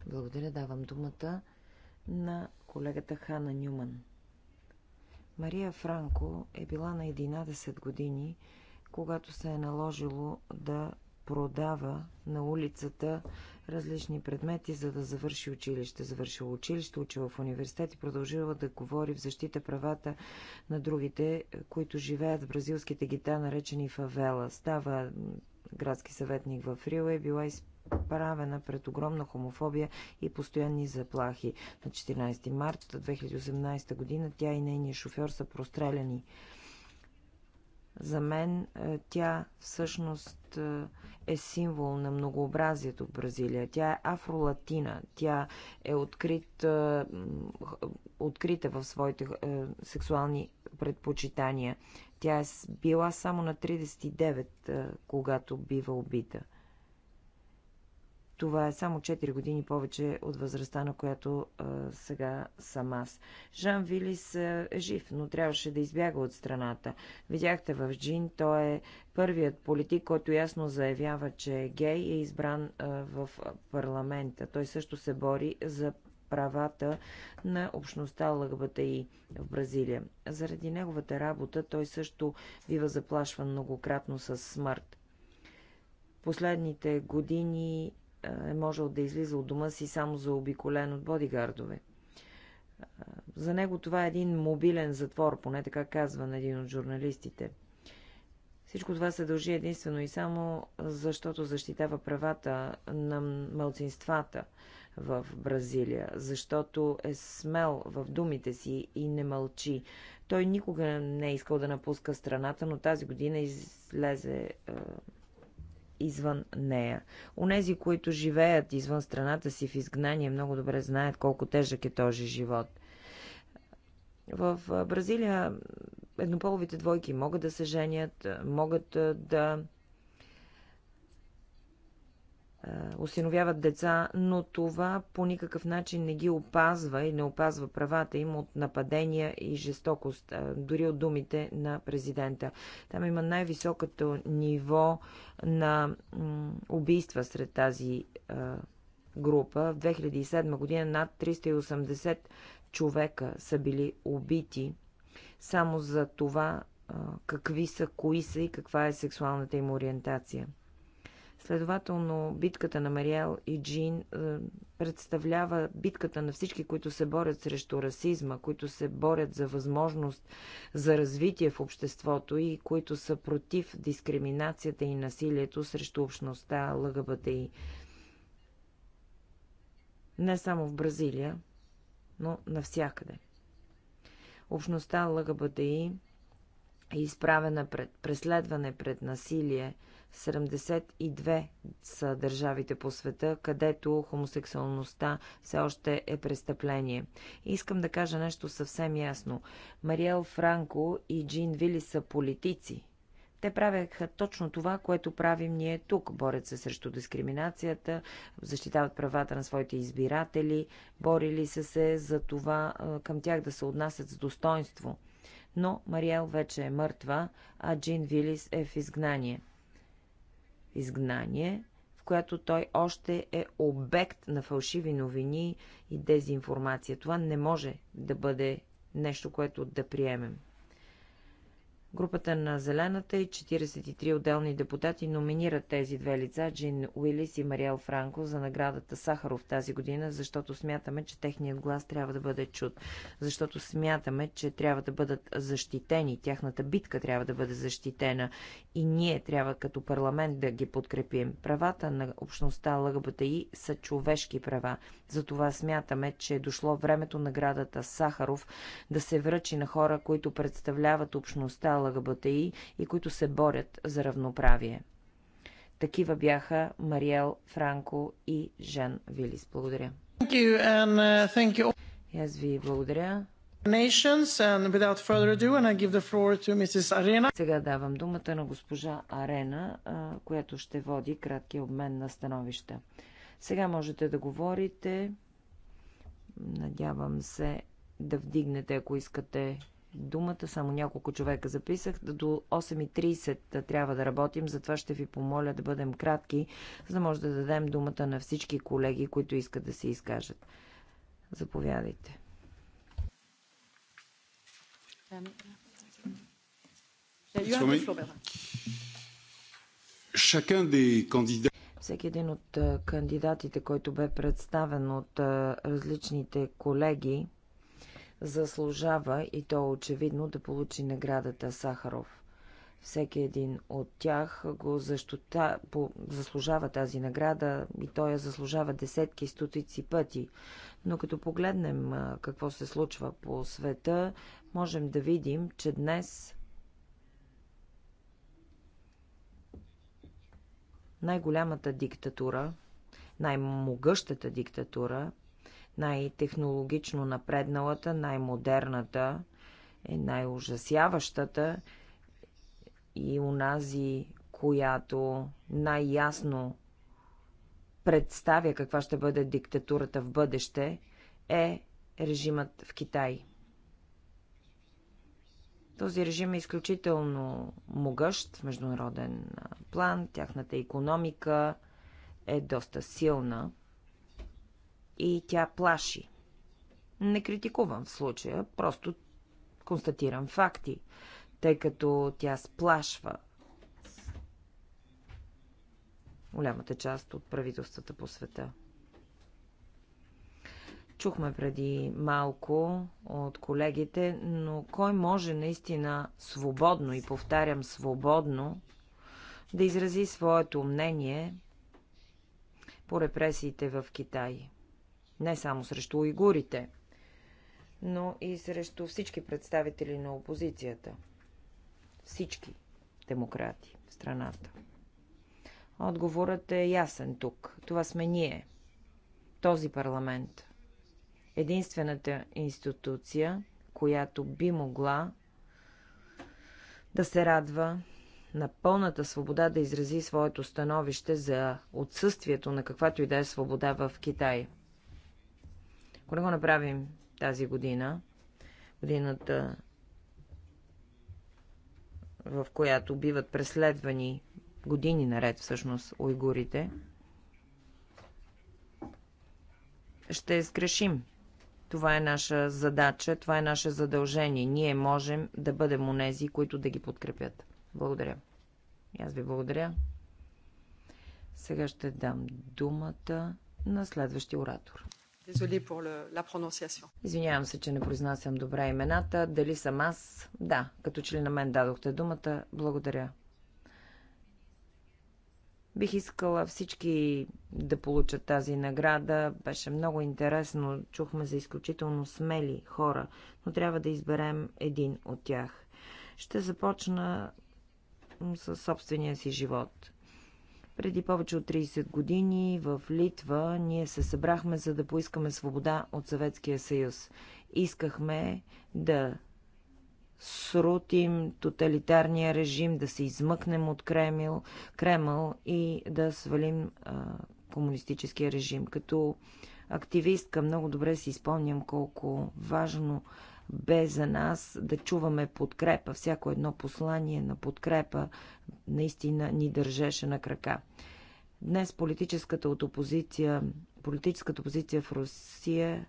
Благодаря, давам думата на колегата Хана Нюман. Мария Франко е била на 11 години, когато се е наложило да продава на улицата различни предмети, за да завърши училище. Завършила училище, учила в университет и продължила да говори в защита правата на другите, които живеят в бразилските гита, наречени фавела. Става градски съветник в Рио е била изпълнена правена пред огромна хомофобия и постоянни заплахи. На 14 март 2018 година тя и нейният шофьор са простреляни. За мен е, тя всъщност е, е символ на многообразието в Бразилия. Тя е афролатина. Тя е открит, е, открита в своите сексуални предпочитания. Тя е била само на 39, когато бива убита. Това е само 4 години повече от възрастта, на която а, сега съм аз. Жан Вилис е жив, но трябваше да избяга от страната. Видяхте в Джин, той е първият политик, който ясно заявява, че е гей и е избран а, в парламента. Той също се бори за правата на общността лъгбата и в Бразилия. Заради неговата работа той също бива заплашван многократно с смърт. Последните години е можел да излиза от дома си само за обиколен от бодигардове. Е, за него това е един мобилен затвор, поне така казва на един от журналистите. Всичко това се дължи единствено и само защото защитава правата на мълцинствата в Бразилия, защото е смел в думите си и не мълчи. Той никога не е искал да напуска страната, но тази година излезе е, извън нея. Онези, които живеят извън страната си в изгнание, много добре знаят колко тежък е този живот. В Бразилия еднополовите двойки могат да се женят, могат да осиновяват деца, но това по никакъв начин не ги опазва и не опазва правата им от нападения и жестокост, дори от думите на президента. Там има най-високото ниво на убийства сред тази група. В 2007 година над 380 човека са били убити само за това какви са, кои са и каква е сексуалната им ориентация. Следователно, битката на Мариел и Джин е, представлява битката на всички, които се борят срещу расизма, които се борят за възможност за развитие в обществото и които са против дискриминацията и насилието срещу общността ЛГБТИ. Не само в Бразилия, но навсякъде. Общността ЛГБТИ е изправена пред преследване, пред насилие – 72 са държавите по света, където хомосексуалността все още е престъпление. искам да кажа нещо съвсем ясно. Мариел Франко и Джин Вили са политици. Те правеха точно това, което правим ние тук. Борят се срещу дискриминацията, защитават правата на своите избиратели, борили са се за това към тях да се отнасят с достоинство. Но Мариел вече е мъртва, а Джин Вилис е в изгнание – изгнание, в която той още е обект на фалшиви новини и дезинформация. Това не може да бъде нещо, което да приемем. Групата на Зелената и 43 отделни депутати номинират тези две лица, Джин Уилис и Мариел Франко, за наградата Сахаров тази година, защото смятаме, че техният глас трябва да бъде чут. Защото смятаме, че трябва да бъдат защитени, тяхната битка трябва да бъде защитена и ние трябва като парламент да ги подкрепим. Правата на общността ЛГБТИ са човешки права. Затова смятаме, че е дошло времето наградата Сахаров да се връчи на хора, които представляват общността ЛГБТИ и които се борят за равноправие. Такива бяха Мариел Франко и Жан Вилис. Благодаря. Uh, и аз ви благодаря. Сега давам думата на госпожа Арена, която ще води кратки обмен на становища. Сега можете да говорите. Надявам се да вдигнете, ако искате, думата. Само няколко човека записах. До 8.30 трябва да работим, затова ще ви помоля да бъдем кратки, за да може да дадем думата на всички колеги, които искат да се изкажат. Заповядайте. всеки един от кандидатите, който бе представен от различните колеги, заслужава и то очевидно да получи наградата Сахаров. Всеки един от тях го защита, по, заслужава тази награда и той я заслужава десетки, стотици пъти. Но като погледнем какво се случва по света, можем да видим, че днес най-голямата диктатура, най-могъщата диктатура най-технологично напредналата, най-модерната, е най-ужасяващата и унази, която най-ясно представя каква ще бъде диктатурата в бъдеще, е режимът в Китай. Този режим е изключително могъщ в международен план. Тяхната економика е доста силна и тя плаши. Не критикувам в случая, просто констатирам факти, тъй като тя сплашва голямата част от правителствата по света. Чухме преди малко от колегите, но кой може наистина свободно, и повтарям свободно, да изрази своето мнение по репресиите в Китай? не само срещу уйгурите, но и срещу всички представители на опозицията. Всички демократи в страната. Отговорът е ясен тук. Това сме ние. Този парламент. Единствената институция, която би могла да се радва на пълната свобода да изрази своето становище за отсъствието на каквато и да е свобода в Китай. Ако не го направим тази година, годината, в която биват преследвани години наред всъщност уйгурите, ще скрешим Това е наша задача, това е наше задължение. Ние можем да бъдем онези, които да ги подкрепят. Благодаря. И аз ви благодаря. Сега ще дам думата на следващия оратор. Извинявам се, че не произнасям добре имената. Дали съм аз? Да, като че ли на мен дадохте думата. Благодаря. Бих искала всички да получат тази награда. Беше много интересно. Чухме за изключително смели хора, но трябва да изберем един от тях. Ще започна със собствения си живот. Преди повече от 30 години в Литва ние се събрахме, за да поискаме свобода от Съветския съюз. Искахме да срутим тоталитарния режим, да се измъкнем от Кремил, Кремъл и да свалим а, комунистическия режим. Като активистка много добре си изпълням колко важно бе за нас да чуваме подкрепа. Всяко едно послание на подкрепа наистина ни държеше на крака. Днес политическата от опозиция, политическата опозиция в Русия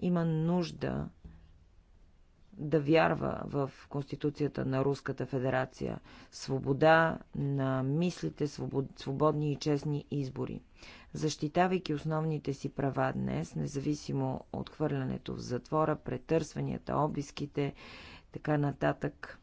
има нужда да вярва в Конституцията на Руската федерация. Свобода на мислите, свободни и честни избори защитавайки основните си права днес, независимо от хвърлянето в затвора, претърсванията, обиските, така нататък,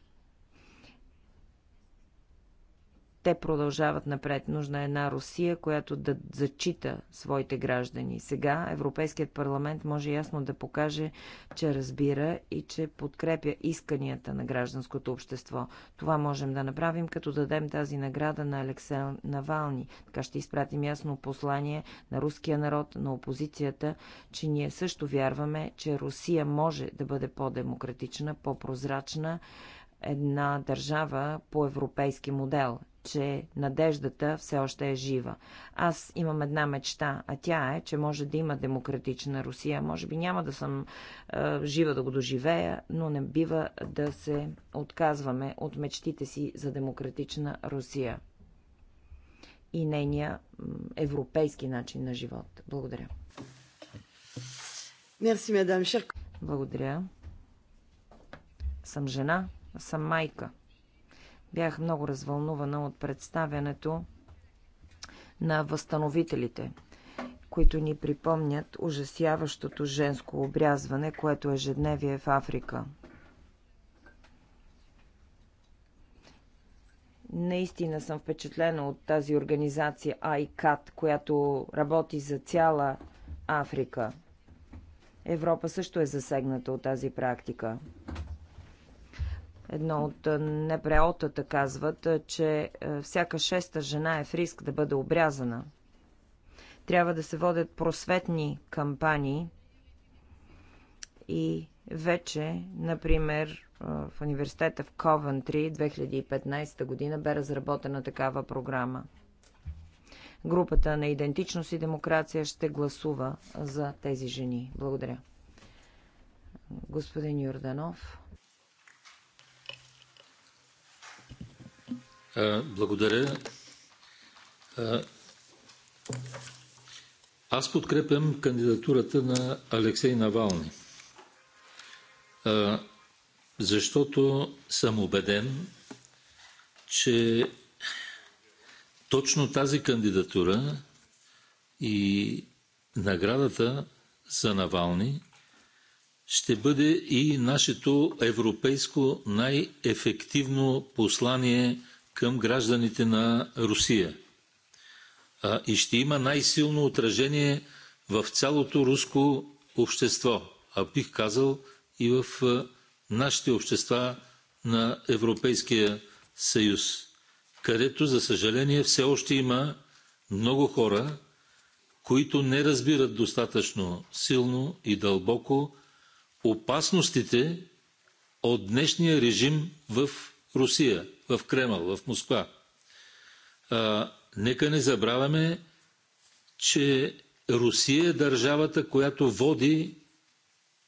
те продължават напред. Нужна е една Русия, която да зачита своите граждани. Сега Европейският парламент може ясно да покаже, че разбира и че подкрепя исканията на гражданското общество. Това можем да направим, като дадем тази награда на Алексей Навални. Така ще изпратим ясно послание на руския народ, на опозицията, че ние също вярваме, че Русия може да бъде по-демократична, по-прозрачна, една държава по европейски модел че надеждата все още е жива. Аз имам една мечта, а тя е, че може да има демократична Русия. Може би няма да съм е, жива да го доживея, но не бива да се отказваме от мечтите си за демократична Русия и нейния европейски начин на живот. Благодаря. Мерси, мадам Благодаря. Съм жена, съм майка – Бях много развълнувана от представянето на възстановителите, които ни припомнят ужасяващото женско обрязване, което ежедневие е в Африка. наистина съм впечатлена от тази организация ICAT, която работи за цяла Африка. Европа също е засегната от тази практика. Едно от е, небреотата казват, е, че е, всяка шеста жена е в риск да бъде обрязана. Трябва да се водят просветни кампании и вече, например, в университета в Ковентри 2015 година бе разработена такава програма. Групата на идентичност и демокрация ще гласува за тези жени. Благодаря. Господин Юрданов. Е, благодаря. Е, аз подкрепям кандидатурата на Алексей Навални, е, защото съм убеден, че точно тази кандидатура и наградата за Навални ще бъде и нашето европейско най-ефективно послание – към гражданите на Русия. И ще има най-силно отражение в цялото руско общество, а бих казал и в нашите общества на Европейския съюз, където, за съжаление, все още има много хора, които не разбират достатъчно силно и дълбоко опасностите от днешния режим в Русия в Кремъл, в Москва. А, нека не забравяме, че Русия е държавата, която води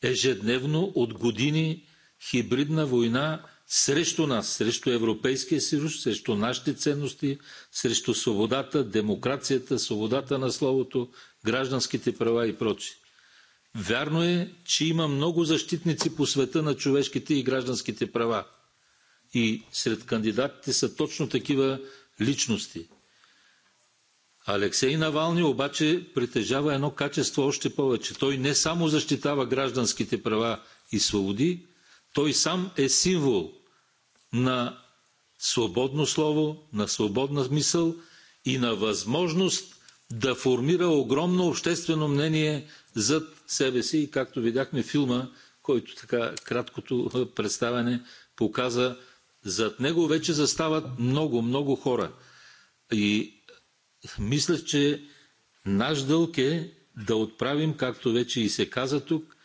ежедневно от години хибридна война срещу нас, срещу Европейския съюз, срещу нашите ценности, срещу свободата, демокрацията, свободата на словото, гражданските права и прочи. Вярно е, че има много защитници по света на човешките и гражданските права – и сред кандидатите са точно такива личности. Алексей Навални обаче притежава едно качество още повече. Той не само защитава гражданските права и свободи, той сам е символ на свободно слово, на свободна мисъл и на възможност да формира огромно обществено мнение зад себе си. И както видяхме филма, който така краткото представяне показа зад него вече застават много, много хора. И мисля, че наш дълг е да отправим, както вече и се каза тук,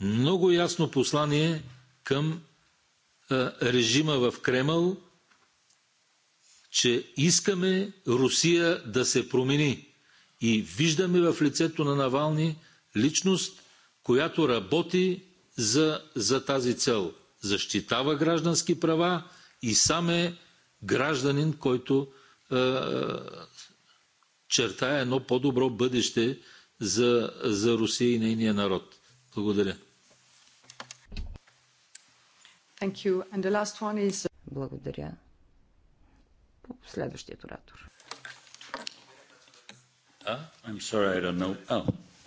много ясно послание към режима в Кремъл, че искаме Русия да се промени. И виждаме в лицето на Навални личност, която работи за, за тази цел защитава граждански права и сам е гражданин, който е, е, чертае едно по-добро бъдеще за, за Русия и нейния народ. Благодаря. Thank you. And the last one is... Uh, Благодаря. Следващият оратор. Ah, I'm sorry, I don't know. Oh,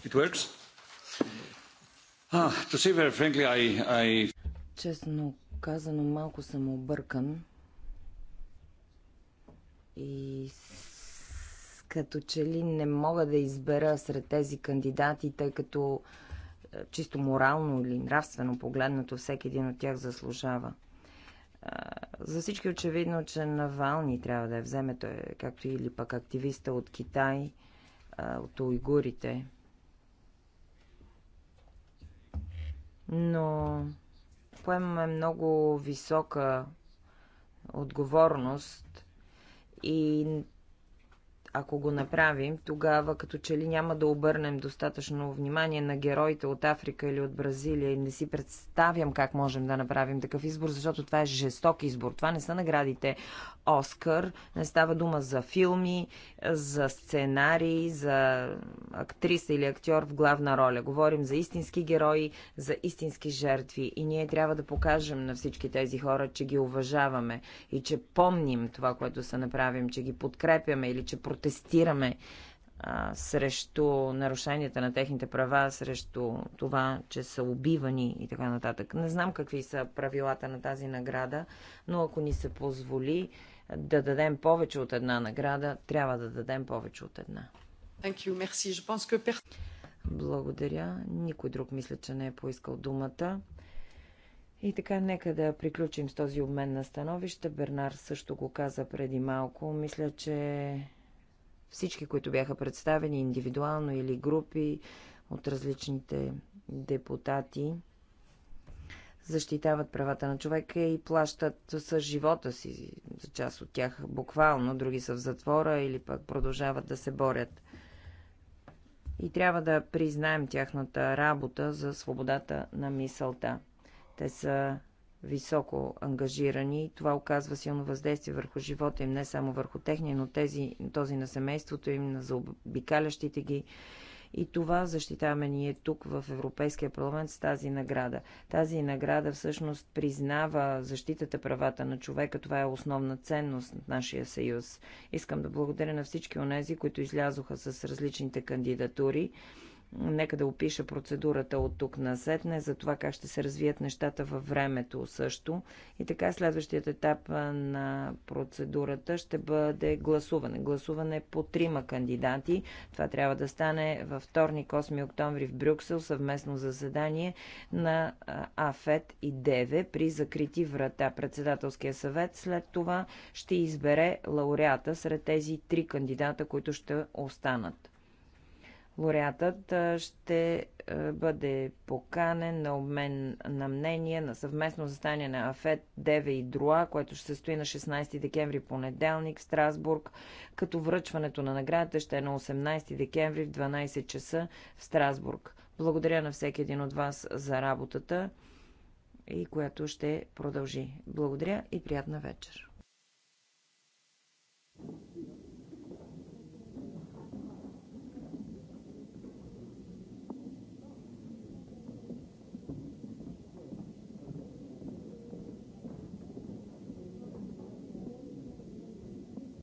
it works? Ah, to say very frankly, I, I... Честно казано, малко съм объркан. И като че ли не мога да избера сред тези кандидати, тъй като е, чисто морално или нравствено погледнато всеки един от тях заслужава. За всички очевидно, че Навални трябва да я вземе, той, както или пък активиста от Китай, от уйгурите. Но поемаме много висока отговорност и ако го направим, тогава като че ли няма да обърнем достатъчно внимание на героите от Африка или от Бразилия и не си представям как можем да направим такъв избор, защото това е жесток избор. Това не са наградите Оскар, не става дума за филми, за сценарии, за актриса или актьор в главна роля. Говорим за истински герои, за истински жертви и ние трябва да покажем на всички тези хора, че ги уважаваме и че помним това, което са направим, че ги подкрепяме или че против протестираме а, срещу нарушенията на техните права, срещу това, че са убивани и така нататък. Не знам какви са правилата на тази награда, но ако ни се позволи да дадем повече от една награда, трябва да дадем повече от една. Благодаря. Никой друг мисля, че не е поискал думата. И така, нека да приключим с този обмен на становище. Бернар също го каза преди малко. Мисля, че всички, които бяха представени индивидуално или групи от различните депутати, защитават правата на човека и плащат с живота си. За част от тях буквално, други са в затвора или пък продължават да се борят. И трябва да признаем тяхната работа за свободата на мисълта. Те са високо ангажирани. Това оказва силно въздействие върху живота им, не само върху техния, но тези, този на семейството им, на заобикалящите ги. И това защитаваме ние тук в Европейския парламент с тази награда. Тази награда всъщност признава защитата правата на човека. Това е основна ценност на нашия съюз. Искам да благодаря на всички онези, които излязоха с различните кандидатури. Нека да опиша процедурата от тук на сетне, за това как ще се развият нещата във времето също. И така следващият етап на процедурата ще бъде гласуване. Гласуване по трима кандидати. Това трябва да стане във вторник 8 октомври в Брюксел, съвместно заседание на АФЕТ и ДЕВЕ при закрити врата. Председателския съвет след това ще избере лауреата сред тези три кандидата, които ще останат. Лауреатът ще бъде поканен на обмен на мнение на съвместно застание на Афет, Деве и Друа, което ще се стои на 16 декември понеделник в Страсбург, като връчването на наградата ще е на 18 декември в 12 часа в Страсбург. Благодаря на всеки един от вас за работата и която ще продължи. Благодаря и приятна вечер!